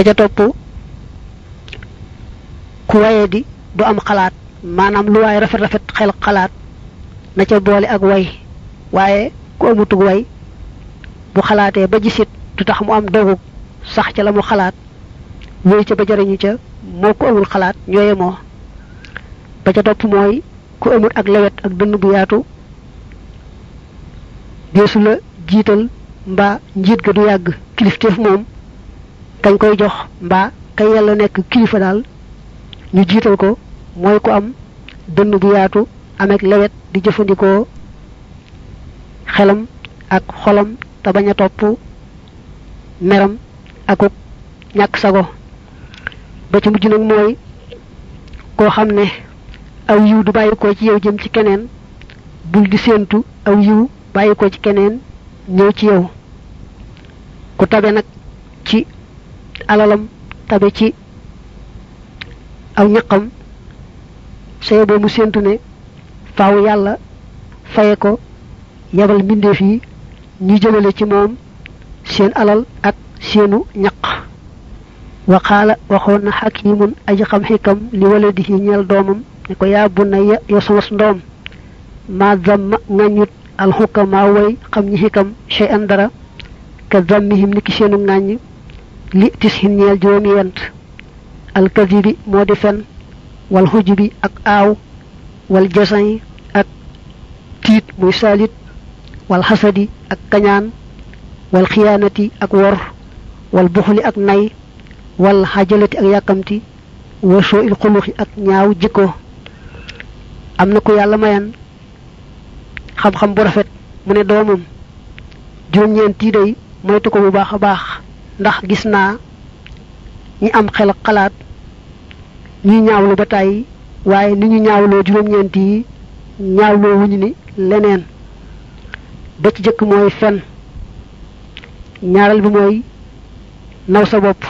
ba ca topp ku waye di du am xalaat maanaam lu waay rafet rafet xel xalaat na ca boole ak way waaye ku amutug way bu xalaatee ba gisit du tax mu am dogu sax ca la mu xalaat wéy ca ba jariñu ca moo xalaat ñooye moo ba ca topp mooy ku amul ak lewet ak dënn bu yaatu deesu la jiital mbaa njiit ga du yàgg kilifteef moom kañ koy jox mbaa kay yàlla nekk kilifa daal ñu jiital ko mooy ko am dënn bu yaatu ameeg lewet di jëfandikoo xelam ak xolam te bañ a topp meram akuk ñàkk sago ba ci mujj nag mooy koo xam ne aw yiw du bàyyi ko ci yow jëm ci keneen bul di séentu aw yiw bàyyi ko ci keneen ñëw ci yow ku tabe nag alalam tabe ci aw ñaqam saye boo mu séentu ne faaw yàlla faye ko yabal mbindeef yi ñu jëmale ci moom seen alal ak seenu ñaq wa qaala waxoon na xakimun aji xam xikam li waladihi ñeel doomam ne ko yaa bu na ya yow sama ndoom maa damma ŋàññut alxukamaa way xam ñi xikam chey an dara ka dammihim ni ki seenu ŋàññ li tishin ñeel juróomi yent alkazibi moo di fen wal xujubi ak aaw wal jasañ ak tiit muy saalit wal xasadi ak kañaan wal xiyaanati ak wor wal buxuli ak nay wal xajalati ak yàkkamti wa soo il xuluxi ak ñaaw jikko am na ko yàlla mayan xam-xam bu rafet mu ne doomam juróom-ñeent yi day moytu ko bu baax a baax ndax gis naa ñi am xel xalaat ñi ñaawlu ba tàyyi waaye ni ñu ñaawloo juróom-ñeent yi ñaawloo wuñu ni leneen ba ci jëkk mooy fen ñaareel bi mooy naw sa bopp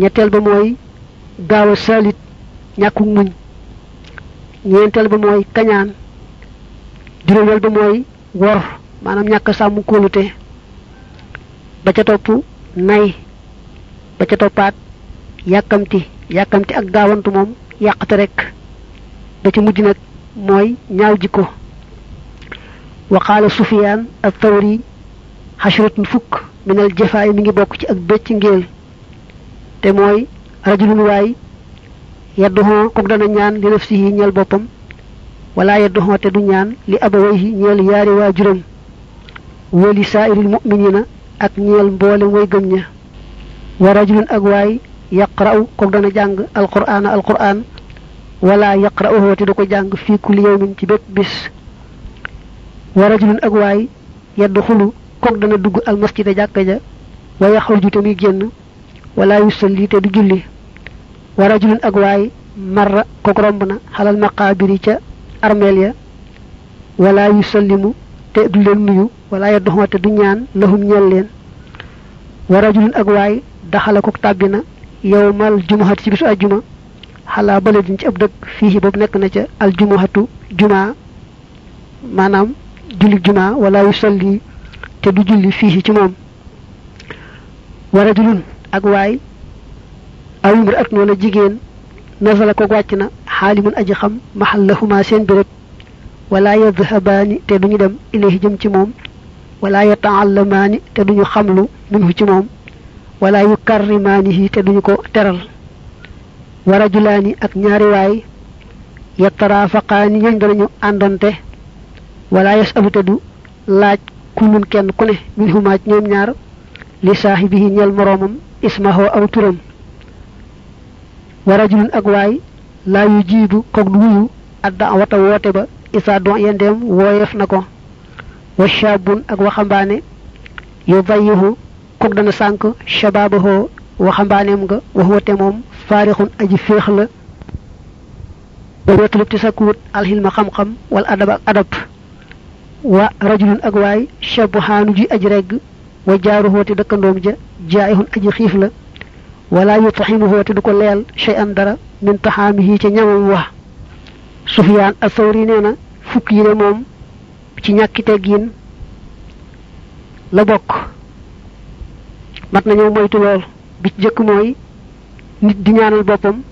ñetteel ba mooy gaaw a saalit ñàkku muñ ñeenteel ba mooy kañaan juróomeel ba mooy wor maanaam ñàkk sàmm kóolute ba ca topp nay ba ca toppaat yàkkamti yàkkamti ak gaawantu moom yàqate rekk da ci mujj nag mooy ñaaw jikko wa qaala sufiyaan al thawri xashratun fukk min al mi ngi bokk ci ak bëcc ngéel te mooy rajulun waay yadduhon kook dana ñaan li nafsihi ñeel boppam wala yadduhon te du ñaan li abawayhi ñeel yaari waajuram wali saairil mu'minina ak ñeel mboole mooy gëm ña wa rajulun ak waay yaqra'u kook dana jàng alqur'aana alqur'aan wala yaqra'uhu te du ko jàng fii kulli yawmin ci bépp bis wa rajulun ak waay yadxulu kook dana dugg almasjida jàkka ja wa yaxruju te muy génn wala yusalli te du julli wa rajulun ak waay marra kook romb na xalal maqaabiri ca armeel ya wala yusallimu te du leen nuyu wala yadduxuma te du ñaan lahum ñeel leen wa rajulun ak waay daxala ko tàbbi na yow mal jumuxat ci bisu aljuma xalaa bale din ci ab dëkk fii boobu nekk na ca aljumuxatu juma maanaam julli juma wala yu salli te du julli fii ci moom wa rajulun ak waay awimr ak noonu jigéen nasala ko wàcc na xaalimun aji xam maxal lahuma seen béréb wala yadhabaani te duñu dem ilayhi jëm ci moom wala yataallamaani te duñu xamlu minhu ci moom wala yukarrimaanihi te duñu ko teral wa rajulaani ak ñaari waay yataraafaqaani ñooñ danañu àndonte wala yasalu te du laaj kulun kenn ku ne minhumaa ci ñoom ñaar li saaxibihi ñeel moroomam ismahoo aw turam wa rajulun ak waay laa yu jiidu kog du adda wata woote ba isaa don yendeem wooyeef na ko wa shaabun ak waxambaane yu dayihu kook dana sànq shabaabahoo waxambaaneem nga waxwate moom faarixun aji féex la weetulub ti sakkuwut alxilma xam-xam wala adab ak adab wa rajulun ak waay shabuhaanu ji aji regg wa jaaruhoo te dëkkandoom ja jaayihun aji xiif la wala yutaximuhoo te du ko leel shay'an dara min taxaamihi ca ñamam wax sufyaan asawri nee na fukk yi ne moom ci ñàkki teggiin la bokk mat nañoo moytu lool bi ci jëkk mooy nit di ñaanal boppam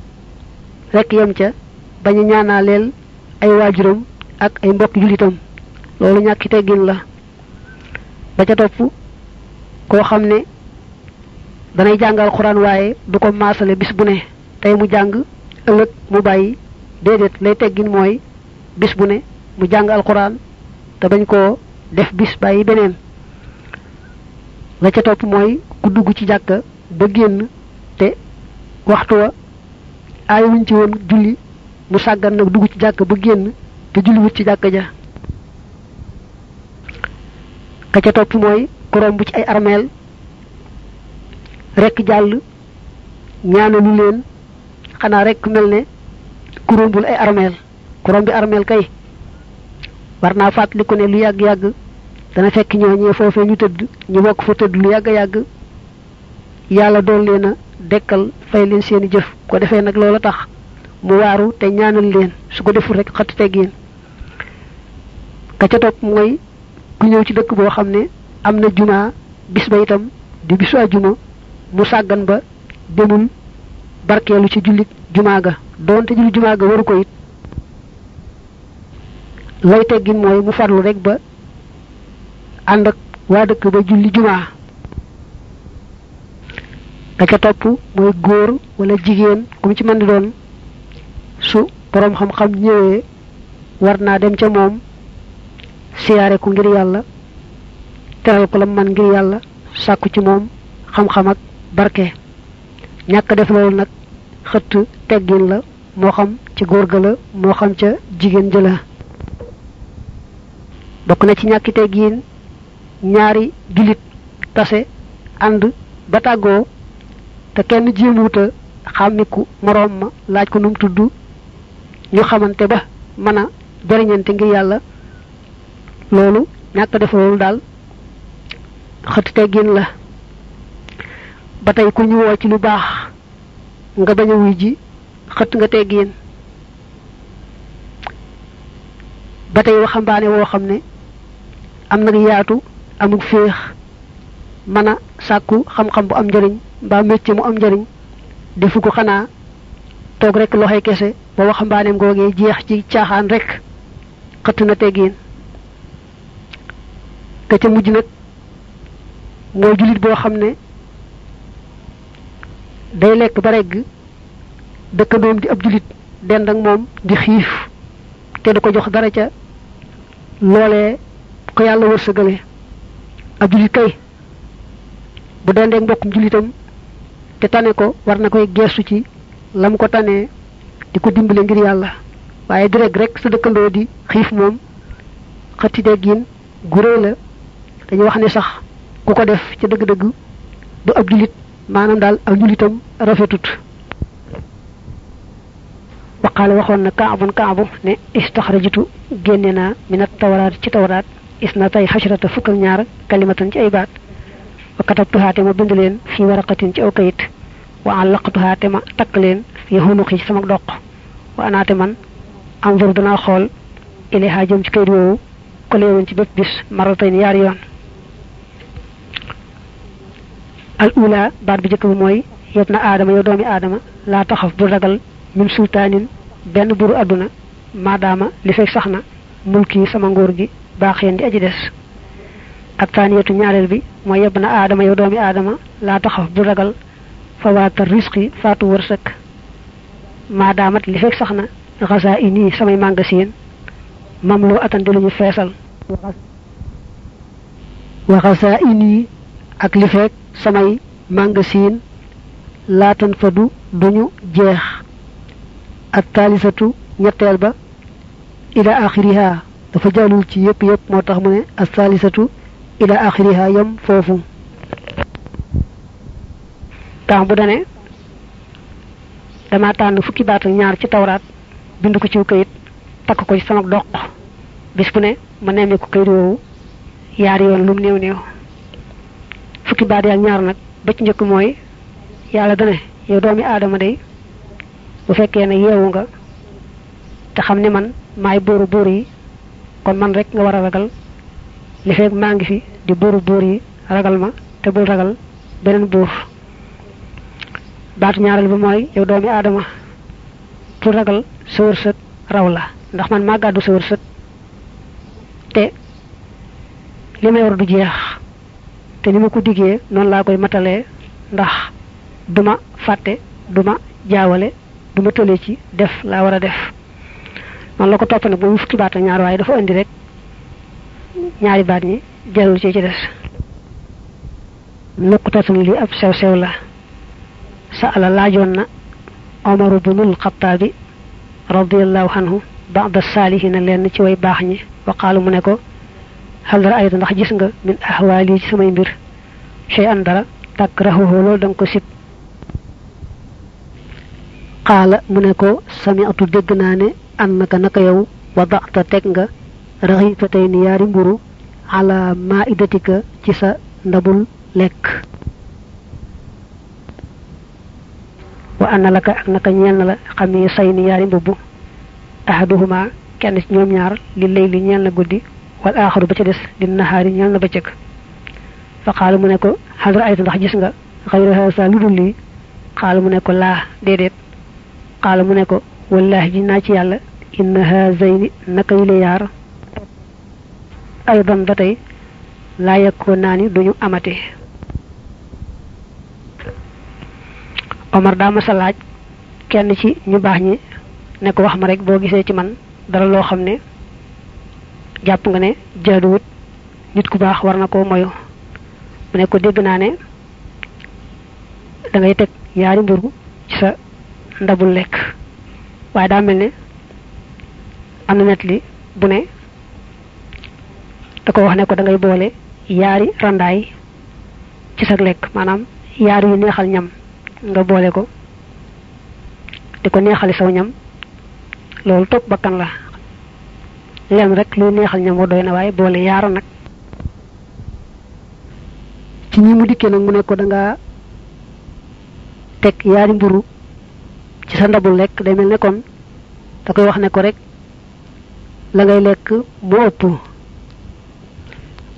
rekk yem ca bañu ñaanaaleel ay waajuram ak ay mbokk jullitam loolu ñàkki teggin la ba ca topp koo xam ne danay jàngal xuraan waaye du ko maasale bis bu ne tey mu jàng ëllëg mu bàyyi déedéet lay teggin mooy bis bu ne mu jàng alquran te bañ koo def bis bàyyi beneen la ca topp mooy ku dugg ci jàkk ba génn te waxtu wa aay wuñ ci julli mu sàggan nag dugg ci jàkk ba génn te julli ci jàkk ja ka ca topp mooy ku bu ci ay armeel rekk jàll ñaanalu leen xanaa rekk mel ne ku rombul ay armeel ku bi armeel kay war naa fàttaliku ne lu yàgg-yàgg dana fekk ñooñee foofee ñu tëdd ñu bokk fa tëdd lu yàgg-yàgg yàlla doon leen a dekkal fay leen seen i jëf ko defee nag loola tax mu waaru te ñaanal leen su ko deful rek xat teggiin ka ca topp mooy ku ñëw ci dëkk boo xam ne am na jumaa bis ba itam di bisu àjjuma mu sàggan ba demul barkeelu ci jullit jumaa ga doonte jullit jumaa ga waru ko it lay teggin mooy mu farlu rek ba ànd ak waa dëkk ba julli jumaa da ca topp mooy góor wala jigéen ku mu ci mën di doon su boroom xam-xam ñëwee war naa dem ca moom siyaare ku ngir yàlla teral ko la man ngir yàlla sàkku ci moom xam-xam ak barke ñàkk def loolu nag xëtt teggin la moo xam ci góor ga la moo xam ca jigéen ja la bokk na ci ñàkki teggiin ñaari jullit tase ànd ba tàggoo te kenn jéemuwuta xàmmiku moroom ma laaj ko nu tudd ñu xamante ba mën a jariñante ngir yàlla loolu ñàkk def daal xëtt teggin la ba tey ku ñu woo ci lu baax nga bañ ji xët nga teggin ba tey waxambaane woo xam ne am nag yaatu amuk féex mën a sàkku xam-xam bu am njëriñ mbaa métier mu am njëriñ defu ko xanaa toog rekk loxoy kese ba waxambaaneem googee jeex ci caaxaan rek xëtt na teggiin ka ca mujj nag mooy jullit boo xam ne day lekk ba regg dëkkandoom di ab jullit dend ak moom di xiif te du ko jox dara ca loolee ko yàlla wërsëgale ab jullit kay bu dendeeg mbokkum jullitam te tane ko war na koy geestu ci lam ko tanee di ko dimbale ngir yàlla waaye di rekk rek sa dëkkandoo di xiif moom xëtti deggin gurée la dañu wax ne sax ku ko def ca dëgg-dëgg du ab jullit maanaam daal ab jullitam rafetut waqaale waxoon na kaabun kaabu ne istaxrajitu génne naa minat tawraat ci tawraat gis na tey fukk ak ñaar kalimatan ci ay baat wa katabtuhaa te ma bind leen fii waraqatin ci aw kayit wa allaqtuhaa te ma takk leen fii xunuqi ci sama doq wa anaate man anzur danaa xool ilayhaa jëm ci kayit woowu ko leewoon ci bépp bis maratayn yaari yoon al ula baat bi njëkk bi mooy yeb na aadama yow doomi aadama laa taxaf bu ragal min sultaanin benn buru àdduna maadaama li fekk sax na mulki sama nguur gi baaxeen di aji des ak ñaareel bi mooy yeb na aadama yow doomi aadama laa taxaw bu ragal fa waata risqi faatu wërsëg maadaamat li sax na xasaa i nii samay magasin mam loo atandi lu ñu feesal waxasaa i nii ak li fekk samay magasin laatan fadu duñu jeex ak ñetteel ba ila axiriha dafa jaadul ci yëpp yëpp moo tax mu ne asalisatu ila axiriha yam foofu tax bu dane dama tànn fukki baat ak ñaar ci tawraat bind ko ciw kayit takk ko ci sama doq bis bu ne ma nemmee ko kayit woowu yaari yoon lu néew néew fukki baat yi ak ñaar nag ba njëkk mooy yàlla dane yow doomi aadama day bu fekkee ne yeewu nga te xam ne man maay bóoru bóor yi kon man rek nga war a ragal li feeg maa ngi fi di buuru buur yi ragal ma te bul ragal beneen buur baatu ñaareel bi mooy yow doomi aadama pour ragal sa wërsëg raw la ndax man maa gàddu sa wërsëg te li may war du jeex te ni ma ko diggee noonu laa koy matalee ndax duma fàtte duma jaawale duma tële ci def laa war a def man la ko topp nag ba mu fukki baat ak ñaar waaye dafa indi rek ñaari baat ñi jarul ci ci des nuqtatun li ab sew sew la sa ala laajoon na Omar bunul Xattaabi radiallahu anhu ba'da saalihiina lenn ci way baax ñi waqaalu mu ne ko hal ra'ayta ndax gis nga min ahwaali ci samay mbir shay an dara takrahuhu loolu da ko sib qaala mu ne ko sami'tu dégg naa ne an naka naka yow wadata teg nga raxita tey ni yaari mburu ala maidatika ci sa ndabul lekk wa ana laka ak naka ñeel na la xam ni say ni yaari mbubb kenn ci ñoom ñaar li lay li ñeel na guddi wal aaxaru ba ca des li naxaari ñeel na bëccëg fa xaala ne ko ndax gis nga xayra ne ko laa déedéet xaala ne ko wallaahi ji naa ci yàlla inna haazayni naka yi la yaar alban ba tey laa yekkoo naa ni duñu amate omar daa masa laaj kenn ci ñu baax ñi ne ko wax ma rek boo gisee ci man dara loo xam ne jàpp nga ne jaaduwut nit ku baax war na koo moyo mu ne ko dégg naa ne da teg ñaari mburu ci sa ndabul lekk waaye daa mel ne am na net li bu ne da ko wax ne ko da ngay boole yaari randaay ci sa lekk maanaam yaari yu neexal ñam nga boole ko di ko neexali saw ñam loolu topp bakkan la lem rek luy neexal ñam wa doy na waaye boole yaara nag ci ñi mu dikkee nag mu ne ko danga nga teg yaari mburu ci sa ndabu lekk day mel nekkoon da koy wax ne ko rek la ngay lekk moo ëpp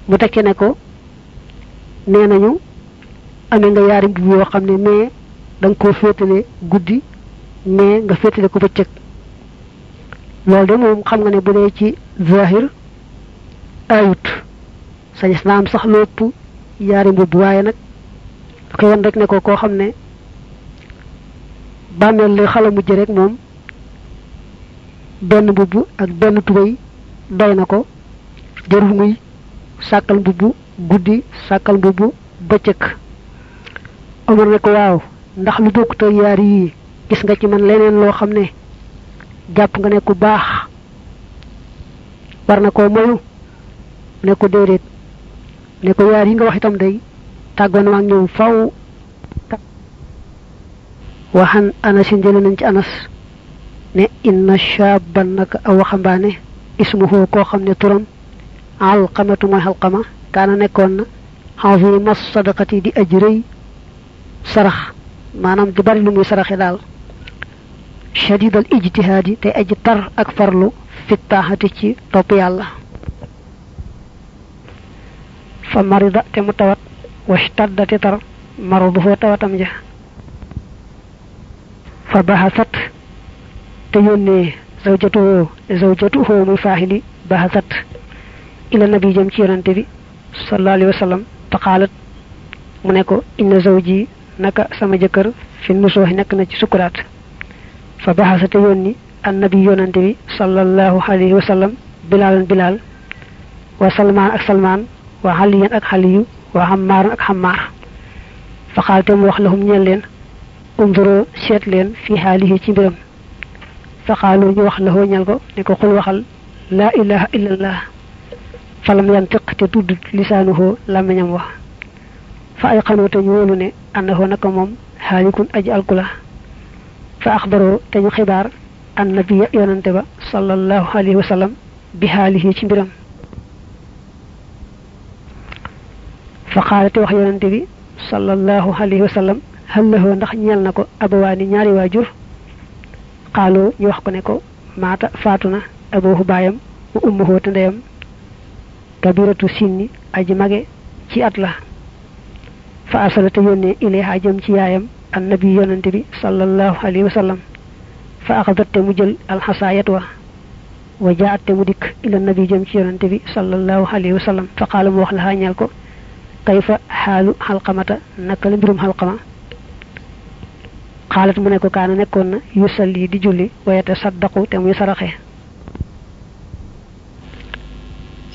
mu tekki ne ko nee nañu amee nga yaari mbir yoo xam ne mais da koo féetale guddi mais nga féetale ko bëccëg loolu de moom xam nga ne bu dee ci zahir ayut sañes na am sax lu ëpp yaari mbubb waaye nag da koy wan rek ne ko koo xam ne bànneel lay xala mujj rek moom benn mbubb ak benn tubéy doy na ko jarul muy sàkkal mbubb guddi sàkkal mbubb bëccëg Omar ne ko waaw ndax lu bokkut yaar yii gis nga ci man leneen loo xam ne jàpp nga ne ku baax war na ko moyu ne ko déedéet ne ko yaar yi nga wax itam day tàggoon waa ñëw faw waxan anasin jële nañ ci anas ne inna shaban naka aw waxambaane ismuhu koo xam ne turam alqamatu mooy alqama kaana nekkoon na azima sadaqati di aji rëy sarax maanaam di bari lu muy saraxe daal shadid al ijtihaadi te aji tar ak farlu fi ci topp yàlla fa marida te mu tawat washtadda te tar maruduhu tawatam ja fa bahasat te yónnee zawjatuhu zawjatuhu muy faaxili bahasat ila nabi jëm ci yonante bi sallallahu alayhi wa sallam faqaalat mu ne ko inna zawji naka sama jëkkër fi nusooxi nekk na ci sukuraat fa baxasa te yónni annabi yonante bi sallallahu alayhi wa sallam bilaalan bilaal wa salmaan ak salmaan wa xaliyan ak xaliyu wa xammaaran ak xammaar faqaal te mu wax lahum ñeel leen unduroo seet leen fi xaalihi ci mbiram faqaalu ñu wax la ñal ko ne ko xul laa ilaha illallah falam yantiq te tudd lisaanuhoo làmmiñam wax fa ay xanoo te ñu wóolu ne annahoo naka moom xaalikun aji alkula la fa axbaroo te ñu xibaar annabiya yonante ba sallallahu alayhi wa sallam bi xaalihi ci mbiram xal laxoo ndax ñeel na ko abawaani ñaari waa jur xaaloo ñu wax ko ne ko maata faatu na aboohu baayam wa ummuhu te ndeyam kabiratu sinni aji mage ci at la fa arsala te yónnee ilayha jëm ci yaayam annabi yonante bi sallallahu alayhi wa sallam fa axadat mu jël alxasaayat wa wa jaat te mu dikk ila nabi jëm ci yonante bi sallallahu alayhi wa sallam fa qaala mu wax la xaa ñeel ko kayfa xaalu xalqamata naka la mbirum xalqama xaalat mu ne ko kaana nekkoon na yu salli di julli wayete saddaqu te muy saraxe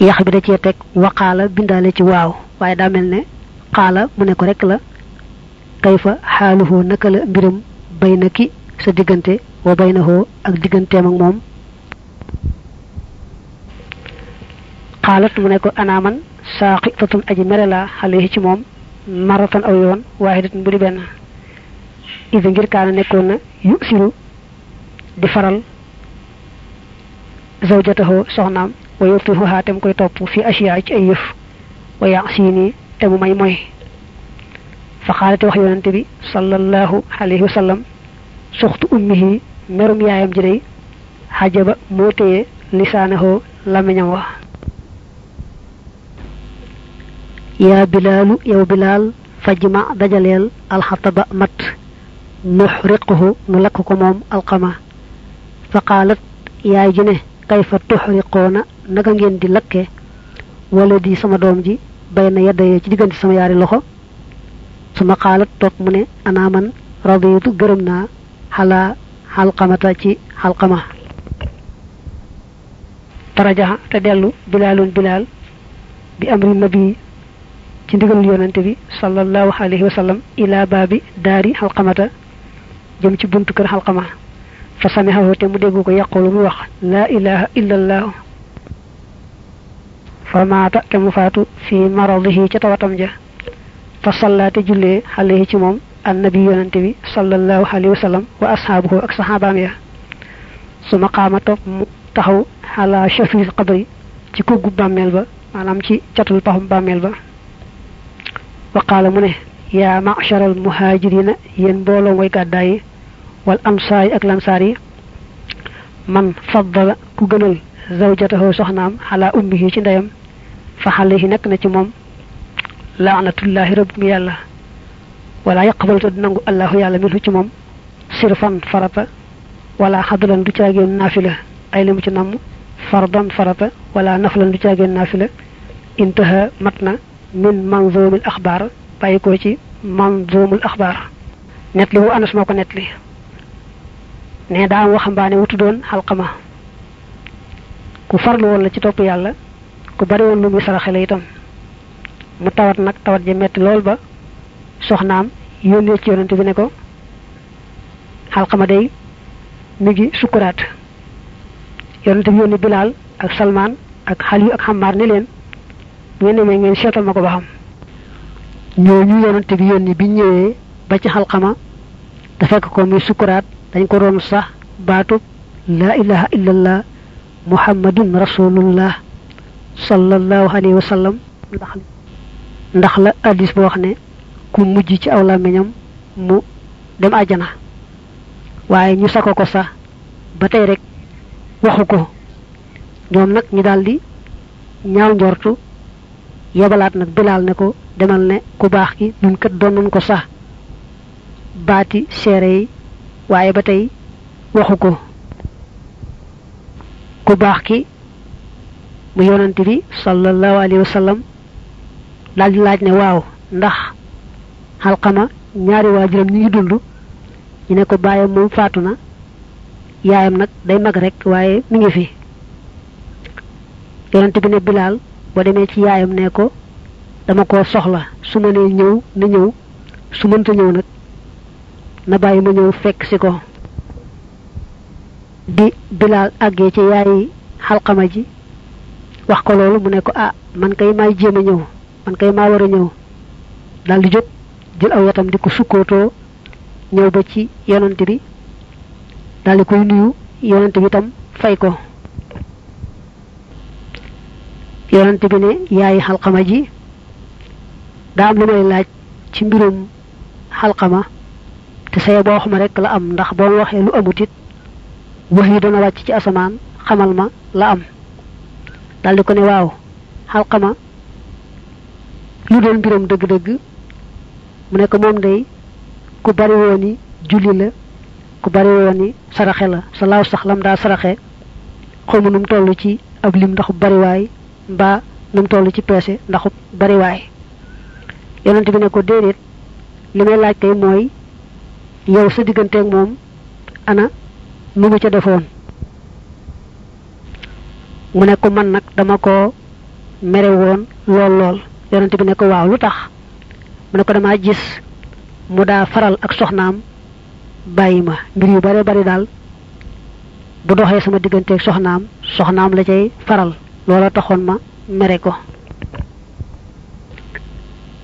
yax bi da cee teg wa xaala bindaale ci waaw waaye daa mel ne xaala mu ne ko rek la kayfa xaaluhoo naka la mbiram bay ki sa diggante wa bay na hoo ak digganteem ak moom xaalat mu ne ko anaaman saaxi fatun aji mere laa xale yi ci moom maratan aw yoon waaye dit di benn isa ngir kaana nekkoon na yu siru di faral zawjatahu soxnaam wa yutihuha tem koy topp fi asiya ci ay yëf wa yasini te mu may mooy fa wax yonante bi sallallahu alayhi wa sallam soxtu ummihi merum yaayam ji day xajaba moo téye lisaanahoo lamiñam wa yaa bilaalu yow bilaal fajma dajaleel alxataba mat nuxriquhu nu lakk ko moom alxama fa qaalat yaay ji ne kay fa tuxriquuna naka ngeen di lakke wala di sama doom ji bay na yaddaye ci diggante sama yaari loxo suma xaalat topp mu ne ana man gërëm naa xalaa xalqamata ci xalqama tarajaxa dellu bilaalun bilaal bi amri nabi ci bi sallallahu alayhi wa sallam ilaa jëm ci buntu kër xalqama fa samihahu te mu dégg ko yaqulu mu wax laa ilaha illa fa maata te faatu fi maradihi ca tawatam ja fa sallaate jullee alayhi ci moom annabi yonante bi sallallahu alayhi wa sallam wa ashaabuhu ak saxaabaam ya su ma qaama topp mu taxaw ala shafil qabri ci kuggu bàmmeel ba maanaam ci catul paxum bàmmeel ba wa qaala mu ne yaa ma'shar al muhaajirina yéen mbooloo gàddaay wal ansaar yi ak lansaar man faddala ku gënal zawjatahu soxnaam xalaa ummihi ci ndeyam fa alayhi nekk na ci moom laanatullaahi rabbum yàlla wala yaqbaluta du nangu allahu yàlla minhu ci moom sirfan farata wala xadalan du caageen naafila ay li mu ci namm fardan farata wala naflan du caageen naafila intaha mat na min manzumil axbaar bàyyi ko ci manzumul axbaar net li wu anas moo ko net li ne daa am waxambaane wu tuddoon alxama ku farlu woon la ci topp yàlla ku bari woon lu muy saraxe la itam mu tawat nag tawat ja metti lool ba soxnaam yónnee ci yonent bi ne ko alxama day mi ngi sukkuraat yonent bi yónni bilaal ak salmaan ak xaliyu ak xammaar ne leen mu ngeen demee ngeen seetal ma ko ba xam ñooñu yonent bi yónni bi ñëwee ba ci alxama te fekk ko muy sukkuraat dañ ko doon sax baatub laa ilaha illallah muhammadun rasulullah sallallahu alayhi wa sallam ndax ndax la addis boo wax ne ku mujj ci aw làmmiñam mu dem àjjana waaye ñu sako ko sax ba tey rekk waxu ko ñoom nag ñu daldi ñaaw njortu yebalaat nag bilaal ne ko demal ne ku baax ki nun kat doon nañ ko sax baati seere yi waaye ba tey waxu ko ku baax ki mu yonante bi sallallahu alayhi wa sallam daal laaj ne waaw ndax xalxama ñaari waajuram ñu ngi dund ñu ne ko bàyyam moom faatu na yaayam nag day mag rek waaye mu ngi fi yonante bi ne bilaal boo demee ci yaayam ne ko dama ko soxla su ma nee ñëw na ñëw su mënta ñëw nag na bàyyi ma ñëw fekk si ko bi bilaal àggee ci yaayi xalxama ji wax ko loolu mu ne ko ah man kay maay jéem a man kay maa war a ñëw daal di jóg jël aw yatam di ko sukkootoo ñëw ba ci yonant bi daal di koy nuyu yonante bi tam fay ko yonant bi ne yaayi xalxama ji daa am lu may laaj ci mbirum xalxama te saye boo xama rek la am ndax boo waxee lu amut it wax yi dana wàcc ci asamaan xamal ma la am daldi ko ne waaw xalqama lu doon mbiram dëgg-dëgg mu nekk ko moom day ku bari woon julli la ku bari woon ni saraxe la sa laaw sax lam daal saraxe xawma nu mu ci ab lim ndaxu bariwaay mbaa nu mu toll ci peese ndaxu bariwaay yonent bi ne ko déedéet li may laaj kay mooy yow sa digganteeg moom ana mu mu ca defoon mu ne ko man nag dama ko mere woon lool lool yonent bi ne ko waaw lu tax mu ne ko damaa gis mu daa faral ak soxnaam bàyyi ma mbir yu bare bari daal bu doxee sama digganteeg soxnaam soxnaam la cay faral loola taxoon ma mere ko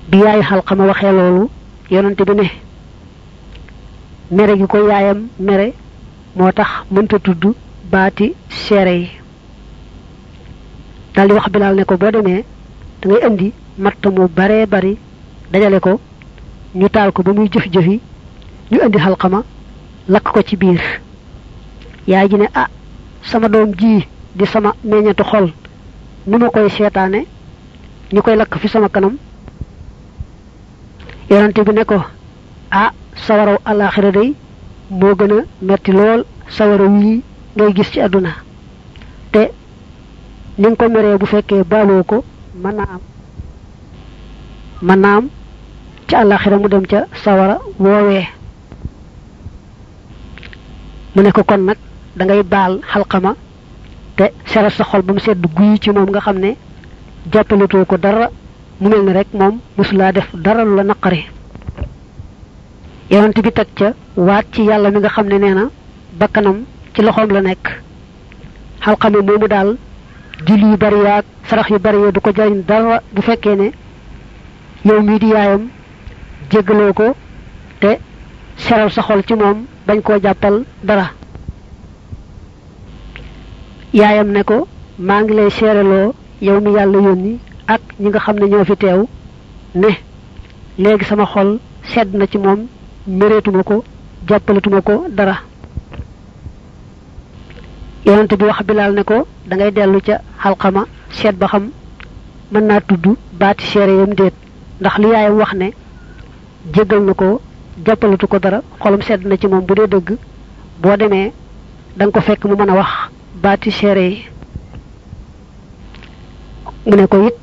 bi yaay xalxama waxee loolu yonent bi ne mere gi ko yaayam mere moo tax mënta tudd baati seere yi daldi wax bilaal ne ko boo demee da ngay indi matt mu baree bari dajale ko ñu taal ko ba muy jëfi-jëfi ñu indi xalxama lakk ko ci biir yaay ji ne ah sama doom ji di sama meññetu xol ni ma koy seetaane ñu koy lakk fi sama kanam yonante bi ne ko ah sawaraw alaaxira day moo gën a metti lool sawara wii ngay gis ci àdduna te ni nga ko meree bu fekkee baaloo ko mën naa am mën naa am ci àllaaxira mu dem ca sawara woowee mu ne ko kon nag dangay ngay baal xalqama te seral sa xol ba mu sedd guy ci moom nga xam ne jàppalatoo ko dara mu mel ni rek moom mosulaa def dara la naqari yonent bi teg ca waat ci yàlla mi nga xam ne nee na bakkanam ci loxoom la nekk xalxame moomu daal julli yu bari yaag sarax yu bari ya du ko jariñ dara bu fekkee ne yow mii di yaayam jéggaloo ko te seral sa xol ci moom bañ koo jàppal dara yaayam ne ko maa ngi lay seeraloo yow mi yàlla yónni ak ñi nga xam ne ñoo fi teew ne léegi sama xol sedd na ci moom méreetuma ko jàppalatuma ko dara yonent bi wax bilaal ne ko da ngay dellu ca xalxama seet ba xam mën naa tudd baati seere yam déet ndax li yaayam wax ne jéggal na ko jàppalatu ko dara xolam sedd na ci moom bu dee dëgg boo demee danga ko fekk mu mën a wax baati seere yi mu ne ko it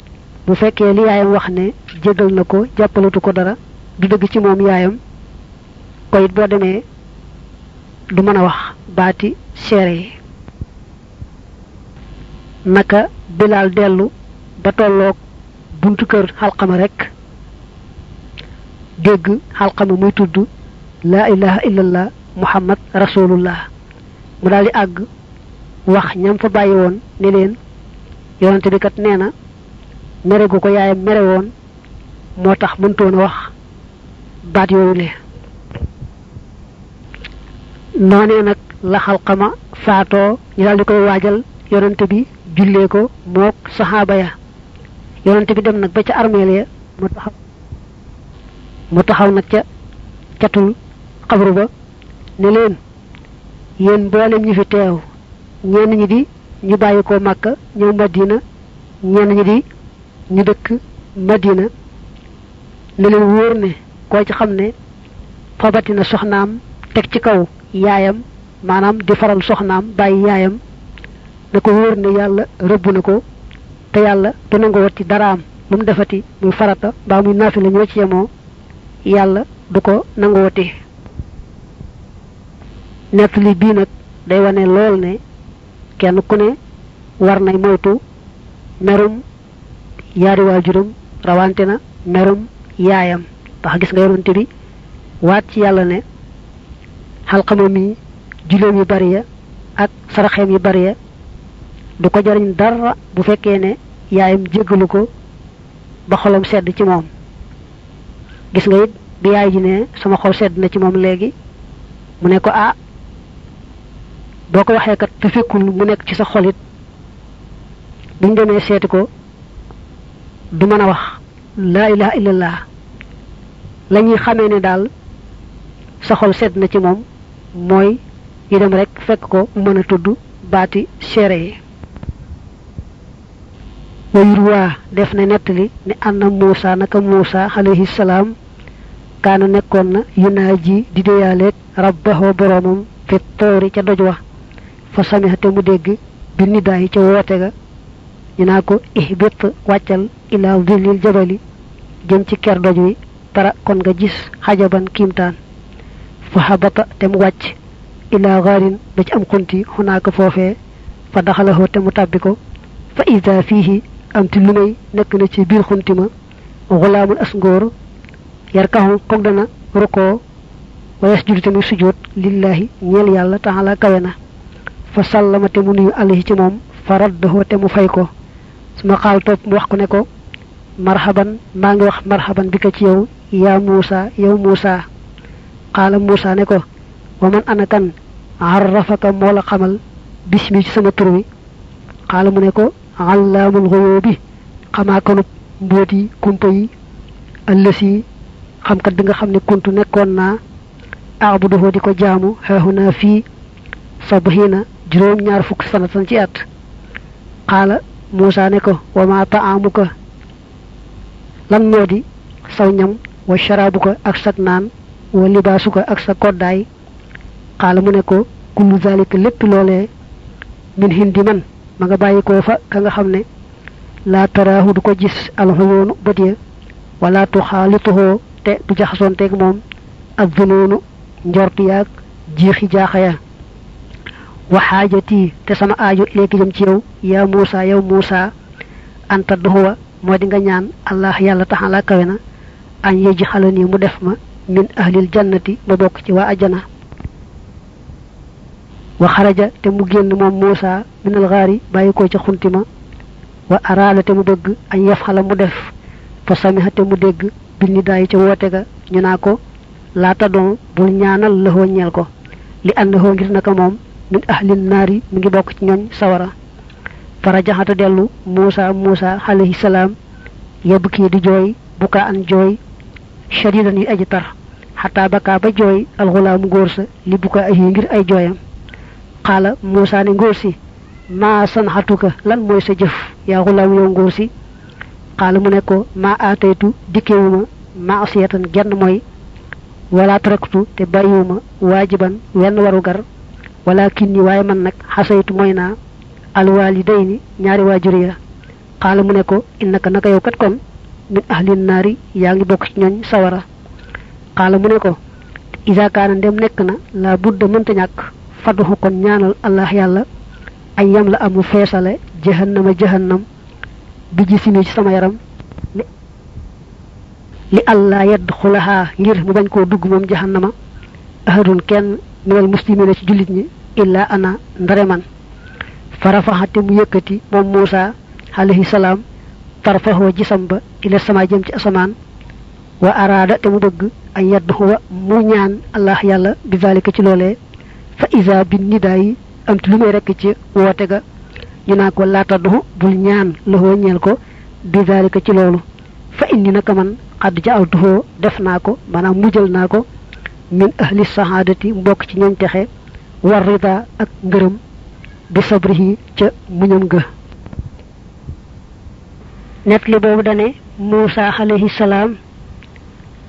bu fekkee li yaayam wax ne jéggal na ko jàppalatu ko dara du dëgg ci moom yaayam ko it boo demee du mën a wax baati seere yi naka bilaal dellu ba tolloog buntu kër xalxama rekk dégg xalxama muy tudd laa ilaha illallah muhammad rasulullah mu daldi àgg wax ñam fa bàyyi woon ne leen yonante bi kat nee na mere gu ko yaayam mere woon moo tax mëntoon a wax baat yooyu ne noonee nag la xalqama faatoo ñu daal di koy waajal yonante bi jullee ko mook saxaaba ya yonante bi dem nag ba ca armeel ya mu taxaw nag ca catul xabru ba ne leen yéen mboolem ñi fi teew ñenn ñi di ñu bàyyi ko Màkka ñëw Madina ñenn ñi di ñu dëkk Madina ne leen wóor ne koo ci xam ne fabati na soxnaam teg ci kaw yaayam maanaam di faral soxnaam bàyyi yaayam na ko wóor ne yàlla rëbb na ko te yàlla du nanguwati daraam lu mu defati muy farata mbaa muy naafi la ñoo ci yemoo yàlla du ko nanguwati nettali bii nag day wane lool ne kenn ku ne war nay moytu merum yaari waajuram rawante na merum yaayam ndax gis nga yonante bi waat ci yàlla ne xalxamam yi julleem yu bari ya ak saraxeem yu bari ya du ko jariñ dara bu fekkee ne yaayam jéggalu ko ba xolam sedd ci moom gis nga it bi yaay ji ne sama xol sedd na ci moom léegi mu ne ko ah boo ko waxee kat te fekkul mu nekk ci sa xolit buñ demee seeti ko du mën a wax laa ilaha illallah la ñuy xamee ne daal sa xol sedd na ci moom mooy yi dem fekk ko mën a tudd baati seere yi def na nettali ne anna Muusa naka Muusa alayhi salaam kaana nekkoon na yunaa ji di déyaaleeg rabbahu boroomam fi toori ca doj wa fa samiha te mu dégg bi niddaa ca woote ga ñu naa ko ihbit wàccal ilaa zillil jabali jëm ci ker doj wi tara kon nga gis xajaban kiimtaan fa habata te mu wàcc ilaa gaarin ba ci am xunti xunaaka foofee fa daxalahoo te mu tàbbi ko fa ida fiihi am ti lu nay nekk na ci biir xunti ma xulaamul as ngóor yar kaxu koog dana rukkoo wayas judi tamit sujoot lillaahi ñeel yàlla taxala kawe na fa sàllama te mu nuyu alayhi ci moom fa raddahoo te mu fay ko su ma xaal topp mu wax ko ne ko marhaban maa ngi wax marhaban bi ko ci yow yaa Muusa yow Muusa xaala Moussa ne ko wa man ana kan arrafaka xamal bismi sama tur wi xaala mu ne ko allaamul xuyuubi xamaa kanub mbóot yi kumpa yi ëllës yi xamkat bi nga xam ne kuntu nekkoon naa aabuduhu di ko jaamu xeexu naa fii sabhiina juróom ñaar fukki sanatan ci at xaala Moussa ne ko wa ma ak sag naan wa libaasuka ak sa koddaay xaala mu ne ko kullu zalika lépp loolee min hindi man ma nga bàyyi ko fa ka nga xam ne laa taraahu du ko gis alxuyoonu bët ya wala tuxaalituhoo te du jaxasoonteeg moom ak zunoonu njort yaag jiixi jaaxa ya waxaajatii te sama aajo léegi jëm ci yow yaa Muusa yow Muusa anta duxuwa moo di nga ñaan allah yàlla taxalaa kawe na añ yeji xala nii mu def ma min ahlil ba bokk ci waa ajana wa xaraja te mu génn moom Muusa min al gaari bàyyi ko ca xuntima wa araada te mu bëgg añ yaf xala mu def fa samiha te mu dégg bi daay ca woote ñu naa ko laata doon bul ñaanal la ñeel ko li ànd hoo ngir naka moom min ahlil naari mi ngi bokk ci ñooñ sawara farajaxata dellu Muusa Muusa alayhi salaam yebbu di jooy bukaa jooy shadidan yu aji tar xataa bakaa ba jooy alxulaamu ngóor sa li bu ko ay ngir ay jooyam xaala Muusaa ne ngóor si maa sanxatuka lan mooy sa jëf yaa xulaam yow ngóor si xaala mu ne ko maa aataytu dikkeewuma maa asiyatan genn mooy wala taraktu te bàyyiwuma waajiban wenn waru gar wala kin ni waaye man nag xasaytu mooy naa alwaalidayni ñaari waajur ya xaala mu ne ko innaka naka yow kat kon min ahlin naari yaa ngi bokk ci ñooñ sawara xaala mu ne ko isa kaana ndem nekk na la budda mënta ñàkk faduxu kon ñaanal allah yàlla ay yam la amu feesale jahannama jahannam bi ji simi ci sama yaram li allah yadxulahaa ngir mu bañ koo dugg moom jahannama ahadun kenn minal muslimina ci jullit ñi illaa ana ndare man farafaxate mu yëkkati moom Muusa alayhi salaam farfaxoo jisam ba ila sama jëm ci asamaan wa araada te mu bëgg an yadduxuwa mu ñaan allah yàlla bi zalika ci loolee fa isa bi nidaa yi am lu may rekk ci woote ga ñu naa ko laa tadduxu bul ñaan loxoo ñeel ko bi ci loolu fa indi naka man xadd jaaltuhoo def naa ko maanaam mujjal naa ko min ahli sahaadati mbokk ci ñooñ texe war rida ak ngërëm bi sabrihi ca muñam ga net li salaam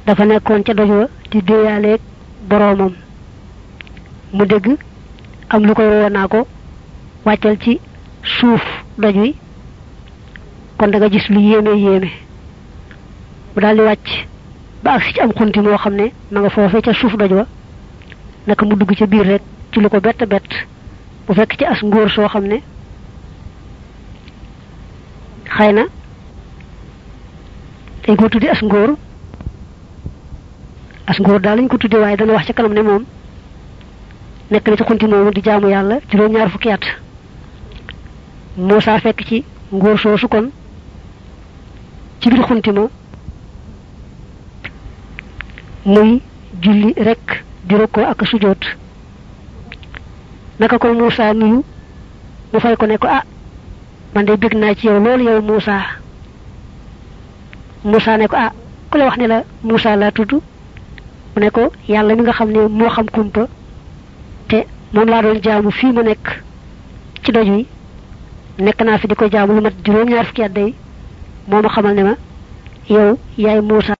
dafa nekkoon ca doj wa di déeyaaleeg boroomam mu dégg am lu ko woo naa ko wàccal ci suuf doj wi kon da nga gis lu yéeme yéeme mu daal wàcc ba agsi ci am xunti moo xam ne ma nga ca suuf doj wa naka mu dugg ca biir rek ci lu ko bett bett mu fekk ci as ngóor soo xam ne xëy na dañ ko tuddi as ngóor as ngóor daal lañ ko tuddee waaye dana wax ca kanam ne moom nekk na ci xunti moomu di jaamu yàlla juróom-ñaar fukki at Moussa fekk ci ngóor soosu kon ci biir xunti ma muy julli rek di rokkoo ak sujoot naka ko Moussa nuyu mu fay ko ne ko ah man de bég naa ci yow loolu yow Moussa Moussa ne ko ah ku la wax ne la Moussa laa tudd mu ne yàlla mi nga xam ne moo xam kumpa te moom laa doon jaamu fii mu nekk ci doj wi nekk naa fi di koy jaamu lu mat juróom-ñaar fukki at day moo ma xamal ne ma yow yaay Muusa